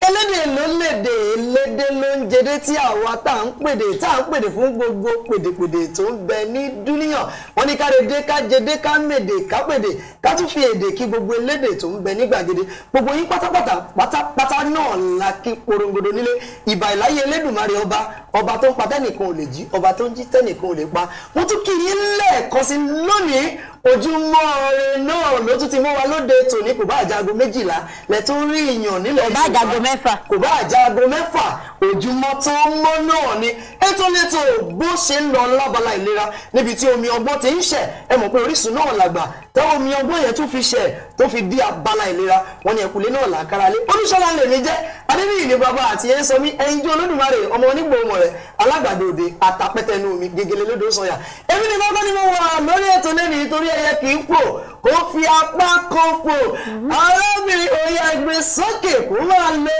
elédè ló lédè elédè ló ń jedé tí àwa tá à ń pèdè tá à ń pèdè fún gbogbo pèdèpèdè tó ń bẹ ní dúníyàn wọn ní káredé ká jedé ká mèdè ká pèdè ká tún fi èdè kí gbogbo elédè tó ń bẹ ní gbàgede gbogbo yín pátápátá pátápátá náà la kí porongodo nílé ìbà ìláyé elédùnmarè ọba ọba tó ń pa tẹ́nìkan ò lè jí ọba tó ń jí tẹ́nìkan ò lè pa mo tún kí yín lẹ́ẹ̀kan sí lónìí ojúmọ́ ire náà ló tún ti mú wa lóde tòní kò bá àjago méjìlá lẹ tó rí ìyàn nílẹ̀ ìṣòro mẹ́fà. kò bá àjà aago mẹ́fà ojúmọ́ tó ń mọ́ náà ni ètò létò bó ṣe ń lọ lábala ìlera níbi tí omi ọgbọ́n ti ń ṣẹ̀ ẹ mọ̀ pé orísun náà làgbà tẹ omi ọgbọ́n yẹn tún fi ṣẹ̀ tó fi di abala ìlera wọn ni ẹ̀kúlé náà làkàrà lé oníṣọ́lá lè mi jẹ́ adébíyì ní bàbá àti ẹ̀ńsọ́mí ẹ̀yinjú olódùmarè ọmọ onígbò ọmọ rẹ̀ alágbàdo òde àtàpẹ́tẹ́ inú mi gègèlè lódò sọ̀yà èmi ni bàbá ni mo wà lórí ètò lẹ́nu nítorí ẹyẹ kì í fò kó fi apá kan fò mm-hmm. arábìnrin òye ẹgbẹ́ sókè kó máa lọ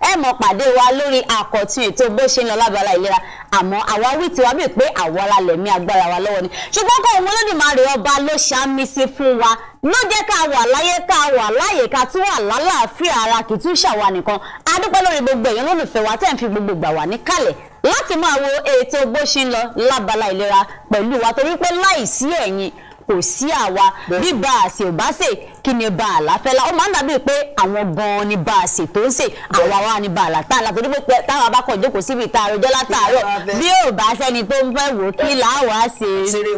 ẹ mọ̀ pàdé wa lórí àkọ́tún ètò bó ṣe ń lọ lábala ìlera àmọ́ àwa wí tiwa bíi pé àwa la lẹ̀mí agbára wa lọ́wọ́ ni ṣùgbọ́n kọ́ òun Olódùmarè ọba ló ṣàmì fún wa ló jẹ́ ká wà láyé ká wà láyè ká tún wà lálàáfíà ara kì í tún ṣàwa nìkan a lórí gbogbo èèyàn lólùfẹ́ wa tẹ́ ń fi gbogbo gbà wà níkàlẹ̀ láti máa wo ètò bó ṣe ń lọ lábala ìlera pẹ̀lú wa torí pé láìsí ẹ̀yin kò sí àwa bí bá a ṣe bá ṣe kí ni bá a láfẹ́lá ó máa ń dàbí pé àwọn gan-an ni bá a ṣe tó ń ṣe àwa wa ni bá a là tá a là torí pé táwọn abákọ̀ jókòó síbi ìta àròjọ́ látàárọ̀ bí ò bá sẹ́ni tó ń fẹ́ wò kí làwa ṣe.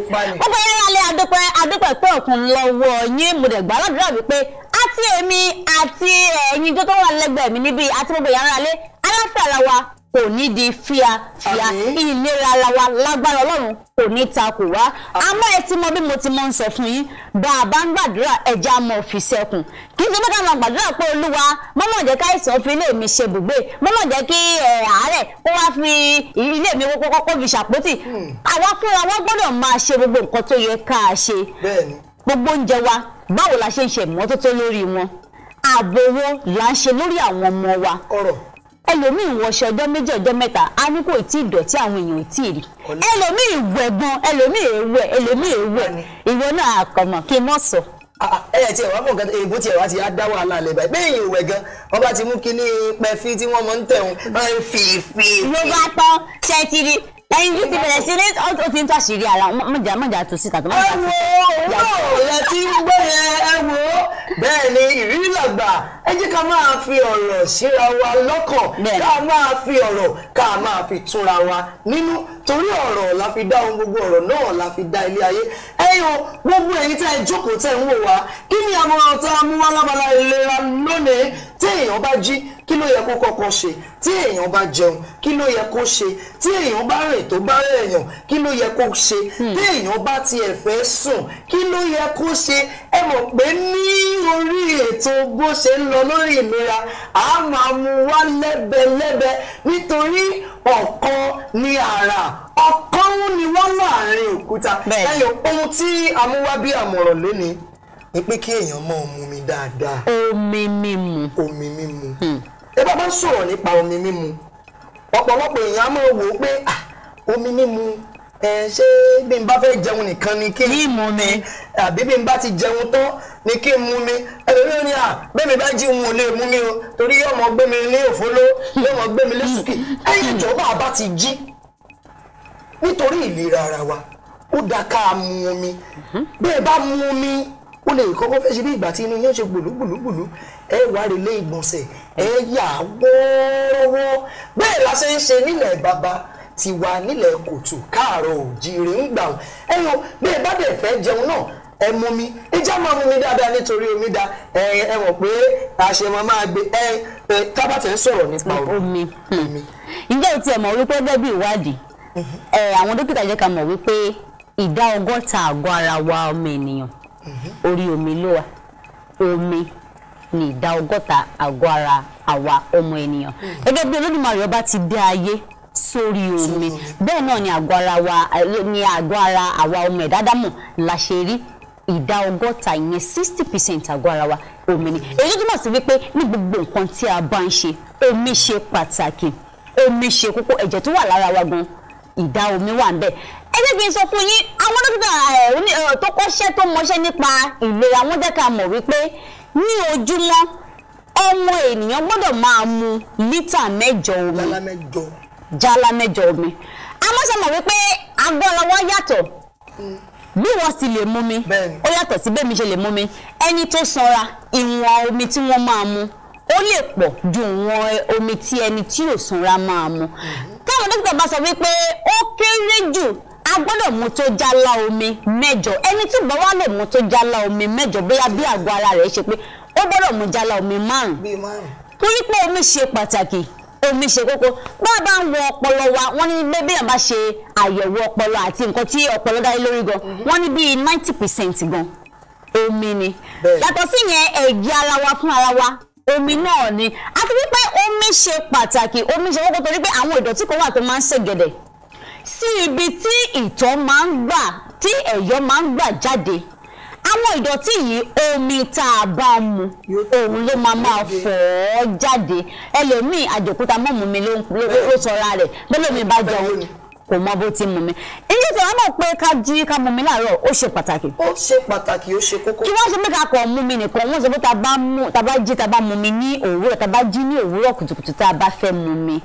gbogbo yẹn lálẹ́ adúpẹ́ adúpẹ́ pé òkun lọ́wọ́ yín mo dẹ̀ gbà ládùúrà wípé àti èmi àti ẹ̀yin tó tó wà lẹ́gbẹ̀ẹ́ mi níbi àti gbogbo ìyára alẹ́ aláfẹ́ ara wa kò ní di fíafíà ìlera ara wa lágbára ọlọ́run kò ní ta kò wá àmọ́ ẹ ti mọ bí mo ti mọ ń sọ fún yín bá a bá ń gbàdúrà ẹja mọ̀ fi sẹ́kùn kí n ṣe bẹ́ẹ̀ máa gbàdúrà pé olúwa mọ́mọ́ jẹ́ ká ìsàn fi ilé mi ṣe bùgbé mọ́mọ́ jẹ́ kí àárẹ̀ kó wá fi ilé mi kókó kó fi ṣàpótì hmm. àwa fúnra wọn gbọ́dọ̀ máa ṣe gbogbo nǹkan tó yẹ ká a ṣe gbogbo oúnjẹ wa báwo la ṣe ń ṣe ìmọ́tótó lórí wọn ààbò wo là ń ṣe lórí àwọn ọmọ wa ẹlòmíì wọṣọ ọjọ́ méjì ọjọ́ mẹ́ta a ní kò tí ì dọ̀tí àwọn èèyàn ò tí ì rí ẹlòmíì wẹ̀ gan ẹlòmíì wẹ̀ ẹlòmíì wẹ̀ ìwọ náà àkànmọ̀ kí n mọ̀ sọ. ẹ ẹ tiẹ̀ wá mọ̀ nǹkan èèbó tiẹ̀ wá ti á dá wàhálà lẹ̀ báyìí bẹ́ẹ̀ yìí wẹ̀ gan wọ́n bá ti mú kinní pẹ́fí tí wọ́n mọ̀ ń tẹ̀ wọ́n fìfì. ló bá tán ṣe ti rí ẹyin yìí ti bẹ̀rẹ̀ sí ní ó ti ń tó àṣírí ara mọ̀jà mọ̀jà tó síta tó mọ̀jà tó síta. ẹ wo òun náà yẹ ti ń gbọ́ yẹn ẹ wo bẹ́ẹ̀ ni ìrírí lọ́gbà ẹ jẹ́ ká máa fi ọ̀rọ̀ síra wa lọ́kàn ká máa fi ọ̀rọ̀ ká máa fi túnra wa nínú torí ọ̀rọ̀ la fi dá ohun gbogbo ọ̀rọ̀ náà la fi dá ilé ayé ẹ̀yin o gbogbo ẹ̀yin tẹ́ ẹ jókòó tẹ́ ń wò wá kí ni àmọ̀ràn tá a mú wá lábala ìlera lónìí tí èèyàn bá jí kí ló yẹ kó kọ́kọ́ ṣe tí èèyàn bá jẹun kí ló yẹ kó ṣe tí èèyàn bá rìn tó bá rẹ̀yàn kí ló yẹ kó ṣe hmm. tí èèyàn bá tiẹ̀ fẹ́ sùn kí ló yẹ kó ṣe ẹ mọ̀ pé ní orí ètò bó ṣe ń lọ lórí ìlera a máa mú wá lẹ́bẹ̀lẹ́bẹ̀ nítorí ọ̀kan ni àrà ọ̀kan ni wọ́n láàrin òkúta ẹyọ ohun tí a mú wá bí àmọ̀ràn lónìí ni pé kí èèyàn mọ omi mi dáadáa. omi mímu. omi mímu. Hmm. ẹ bá bá sọ̀rọ̀ nípa omi mímu ọ̀pọ̀lọpọ̀ èèyàn máa wò ó pé ah, omi mímu ṣé bí n bá fẹ́ jẹun nìkan ni kí n mímu ni àbí bí n bá ti jẹun tán ni kí n mú mi ẹlòmíràn ni à ah, bẹ́ẹ̀mi bá jí òun ò lè mú mi o torí yóò mọ gbé mi ní òfóló yóò mọ gbé mi lẹ́sùkì ẹ̀yìn ìjọba àbá ti jí nítorí ìlera ara wa ó da ká mu omi bẹ́ẹ̀ bá mu omi ó lè kọ́kọ́ fẹ́ ṣe bí ìgbà tí inú yóò ṣe gbùlúgbùlúgbùlú ẹ wà rè lé ìgbọ̀nsẹ̀ ẹ yà wọ́ọ́rọ́wọ́ bẹ́ẹ̀ la ṣe ń ṣe nílẹ̀ bàbá ti wà nílẹ̀ kòtù káàárọ̀ òjìrì ń gbà ẹ̀yàn bẹ́ẹ̀ bá dẹ̀ fẹ́ jẹun náà ẹ mú mi ìjà máa mú mi dáadáa nítorí omi da ẹ mọ̀ pé àṣemọ máa gbé ẹ tábàtẹ̀ ń sọ̀rọ̀ nípa omi. Hmm. ǹjẹ́ o tiẹ̀ mọ̀ wípé gẹ́gẹ́ bí ìwádìí mhm. àwọn dókítà jẹ́ ká mọ̀ wípé ìdá ọgọ́ta àgọ́ ara wa ọmọ ènìyàn mhm. orí omi ló wà omi ní ìdá ọgọ́ta àgọ́ ara àwa ọmọ ènìyàn hmm. gẹ́gẹ́ bí olódùmarè ọba ti dé ayé sórí omi bẹ́ẹ̀ náà ni àgọ́ ara wa ni àgọ́ ara àwa ọmọ ẹ̀dá dámọ̀ la ṣe rí ìdá ọgọ́ta ìyẹn sixty percent àgọ́ ara wa omi ni èyí tó túmọ̀ sí wípé ní gbogbo nǹkan tí a bá ń ṣe omi ṣe pàtàkì omi ṣe kókó ẹ̀jẹ̀ tó wà lára wa gan ìdá omi wà ń bẹ̀ ẹ jẹ́ kí n sọ fún yín àwọn dókítà tó kọ́ṣẹ́ tó mọṣẹ́ nípa ìlera wọn jẹ́ ká mọ̀ wípé ní ojúmọ́ ọmọ ènìyàn gbọ́dọ̀ máa mu lítà mẹ́jọ omi jálá mẹ́jọ omi a máa ṣe mọ̀ wípé agbára wa yàtọ̀ hmm bí wọ́n sì lè mú mi ó yàtọ̀ sí bẹ́ẹ̀ mi ṣe lè mú mi ẹni tó sanra ìwọ̀n omi tí wọ́n máa mu ó lè pọ̀ ju ìwọ̀n omi tí ẹni tí ò sanra máa mu táwọn dókítà bá sọ wípé ó kéré jù a gbọ́dọ̀ mu tó jálá omi mẹ́jọ ẹni tí bá wà lè mu tó jálá omi mẹ́jọ bóyá bí àgọ́ ara rẹ̀ ṣe pé ó gbọ́dọ̀ mu jálá omi márùn-ún omi ṣe pàtàkì omi ṣe kókó bá a bá ń wọ ọpọlọ wa wọ́n ní bébí àbá ṣe àyẹ̀wò ọpọlọ àti nǹkan tí ọpọlọ dá lórí gan mhm. wọ́n ní bíi ninety percent gan omi ni yàtọ̀ sí yẹn ẹ̀jẹ̀ ara wa fún ara wa omi náà ni àti wípé omi ṣe pàtàkì omi ṣe kókó torí pé àwọn ìdọ̀tí kan wà tó máa ń ṣègẹ̀dẹ̀ sí ibi tí ìtọ̀ máa ń gbà tí ẹ̀yọ̀ máa ń gbà jáde àwọn ìdọ̀tí yìí omi tá a bá mu òun ló máa máa fọ̀ ọ́ jáde ẹlòmíì àjòkúta mọ́mú mi ló sọra rẹ̀ bẹ́lómi bá jẹun kò mọ bó ti mú mi èyí tí wọn mọ̀ pé ká jí ká mú mi láàárọ̀ ó ṣe pàtàkì. ó ṣe pàtàkì ó ṣe kókó. kí wọ́n sọ pé ká kọ̀ mú mi nìkan wọ́n sọ pé tá a bá jí tá a bá mú mi ní òwúrọ̀ tá a bá jí ní òwúrọ̀ kùtùkùtù tá a bá fẹ́ mú mi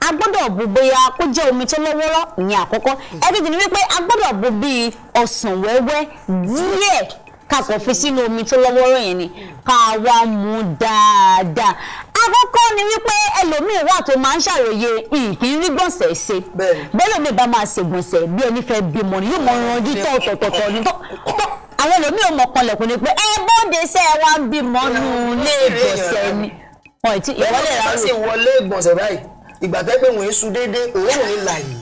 a gbọ́dọ̀ bu bóyá kó jẹ́ omi tó lọ́wọ́rọ́ ìyẹn àkọ́kọ́ ẹ̀ẹ́dẹ̀dẹ̀ ni wípé a gbọ́dọ̀ bu bíi ọsàn wẹ́wẹ́ díẹ̀ kakọ̀ fi sínú omi tó lọ́wọ́rọ́ yẹn ni ká wá mú dáadáa àkọ́kọ́ ni wípé ẹlòmíín wà tó máa ń ṣàròyé ìkín rí gbọ̀nsẹ̀ ṣe bẹ́lòmíín bá máa ṣe gbọ̀nsẹ̀ bí ẹni fẹ́ bímọ ni yóò mọ ìrànjú tó ọ̀tọ̀ọ̀tọ̀ ni tó àwọn ẹlòmíín ò mọ̀ kanlẹ̀kùn ni pé ẹ bóde ṣe ẹ wá ń bímọ nù ilé ìgbọ̀nsẹ̀ ni. ìwọlé rà sí wọlé ìgbọ̀nsẹ̀ báyìí ìgbà tẹ́ pé wọ́n ń sun déédéé òun ò là yìí.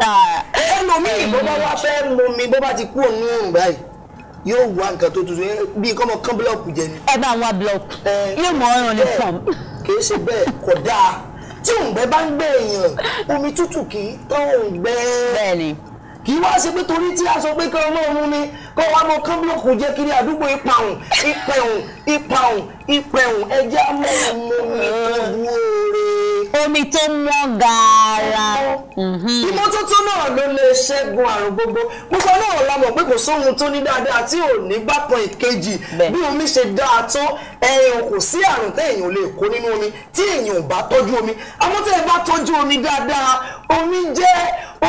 Ah. ẹnu mi bá wá fẹ́ yóò wá nǹkan tó tuntun bí kọ́mọ kán búlọ́ọ̀kù jẹ ni. ẹ bá wa búlọ́ọ̀kù yóò mọ ọrùn ní fọm. kìí ṣe bẹ́ẹ̀ kò dáa tí òǹgbẹ bá ń gbé èèyàn omi tútù kì í tán òǹgbẹ. bẹ́ẹ̀ni. kì í wá ṣe pé torí tí a sọ pé kí ọmọ òun ni kó wá mọ kán búlọ́ọ̀kù jẹ kiri àdúgbò ìpàhùn ìpẹ̀hùn ìpàhùn ìpẹ̀hùn ẹja mọ́ mi tó omi tó mọ́ gààrà. Mhm. ìmọ́tótó náà ló lè ṣẹ́gun àrùn gbogbo púpọ̀ náà la mọ̀ pé kò sóhun tó ní dáadáa tí ò ní bákan ìkejì bí omi ṣe dáa tó ẹ̀yàn kò sí àrùn téèyàn lè kó nínú omi tí èèyàn ò bá tọ́jú omi àmọ́ tẹ́ ẹ bá tọ́jú omi dáadáa omi jẹ́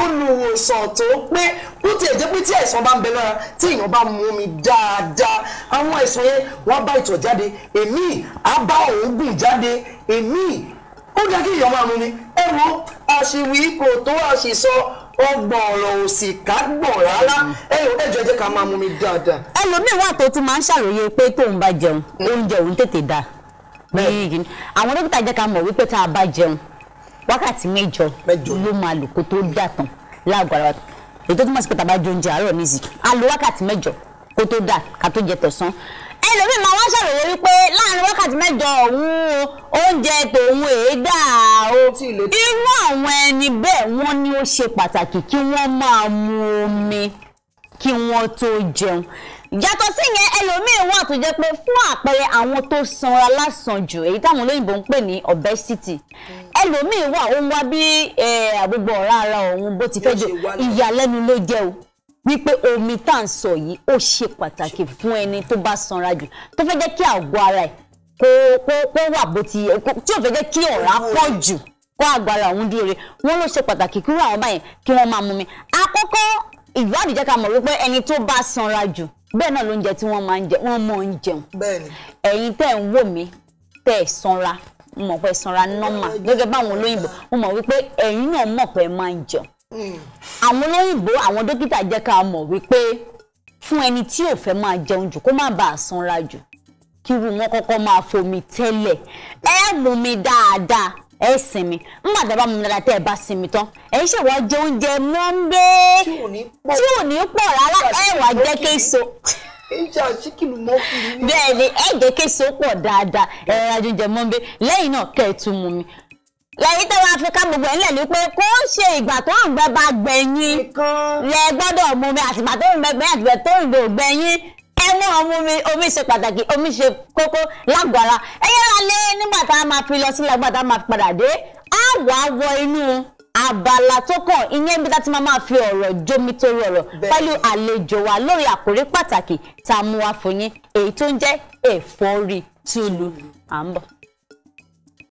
olùwòsàn tó pé ó tiẹ̀ jẹ́ pé tí àìsàn bá ń bẹ lára tí èèyàn bá mu omi dáadáa àwọn àìsàn yẹn wọ́n bá ìtọ̀ jáde èmi á bá òógùn jáde èmi ó yẹ kí ìyọ̀ máa mu ni ẹ wo àṣìwí kò tó àṣìsọ ọgbọ̀n ọ̀rọ̀ òsì kágbọ̀n rárá ẹ̀yọ̀ ẹ̀jọ̀ ẹ̀jẹ̀ ká máa mu mi dáadáa. ẹlòmíì wà tó ti máa ń ṣàròyé pé tóun bá jẹun oúnjẹ òun tètè dà bẹ́ẹ̀ àwọn dókítà jẹ́ ká mọ̀ wípé tá a bá jẹun wákàtí mẹ́jọ ló máa lò kó tó dà tán láàgọ́ ara wa èyí tó túmọ̀ sí pé tá a bá jẹ oúnjẹ àárọ̀ nísìnyí a lo wákàtí mẹ́jọ kó tó dà ká tó jẹ tọ̀sán ẹlòmíì máa wá ṣàròyé wípé láàrin wákàtí mẹ́jọ ọ̀hún oúnjẹ tòun èédà o irú àwọn ẹni bẹ́ẹ̀ wọ́n ní ó ṣe pàtàkì kí wọ́n máa mu omi kí wọ́n tó jẹun yàtọ̀ sí yẹn ẹlòmíín wà tó jẹ́ pé fún àpẹẹrẹ àwọn tó sanra lásán jù èyí táwọn olóyìnbó ń pè ní obesity ẹlòmíín wà ó ń wá bí eh, àgbègbè ọ̀rá ara òun bó ti fẹ́ jù ìyàlẹ́nu ló jẹ́ o wípé omi tá à ń sọ yìí ó ṣe pàtàkì fún ẹni tó bá sanra jù tó fẹ́ jẹ́ kí àgọ́ ara ẹ̀ kó kó kó wà bó ti yẹ tí ò fẹ́ jẹ́ kí ọ̀rá pọ̀ jù kó àgọ́ ara òun dúró re wọ́n ló ṣe pàtàkì kí wọ́n àwọn báyẹn kí wọ́n máa mú mi àkọ́kọ́ ìwádìí jẹ́ ká mọ̀ wípé ẹni tó bá sanra jù bẹ́ẹ̀ náà lóúnjẹ tí wọ́n máa ń jẹ wọ́n mọ̀ ń jẹun ẹ̀yin tẹ́ ń wò mí tẹ́ sanra mọ̀ pé sanra normal gẹ́gẹ́ báwọn olóyìnbó mọ̀ wípé ẹ̀yin náà mọ̀ pé máa ń jẹun àwọn olóyìnbó àwọn dókítà jẹ́ ká mọ̀ wípé fún ẹni tí ò fẹ́ máa jẹun jù kó má bàa sanra jù kí irú wọn kọ́kọ́ máa fomi tẹ́lẹ̀ ẹ mú mi dáadáa ẹ sinmi nígbà tí a bá mú mi dáadáa tẹ́ ẹ bá sinmi tán ẹ ṣe wá jẹ oúnjẹ mọ́ńbé tí ò ní pọ̀ rárá ẹ wá jẹ́ késo bẹ́ẹ̀ ni ẹ jẹ́ késo pọ̀ dáadáa ẹ ra oúnjẹ mọ́ńbé lẹ́yìn náà kẹ́ ẹ tún mú mi lẹ́yìn tó wá fi ká gbogbo ẹ̀ ńlẹ̀ ni pé kó ṣe ìgbà tó ń gbẹ bá gbẹ̀yìn lẹ gbọ́dọ̀ mú mi àtìgbà tó ń gbẹ àtìgbà tó ń gbẹ gbẹ̀yìn ẹ mú mi omi ṣe pàtàkì omi ṣe kókó lágbára ẹ yára lé nígbà tá a máa fi lọ sílẹ̀ nígbà tá a máa fi padà dé á wàá wọ inú abala tó kàn ìyẹn bí tá ti máa máa fi ọ̀rọ̀ jómi torí ọ̀rọ̀ pẹ̀lú àlejò wa lórí àkòrí pàtàkì tá a mú wa fún yín èyí tó ń jẹ́ ẹ̀fọ́rí túlù à ń bọ̀.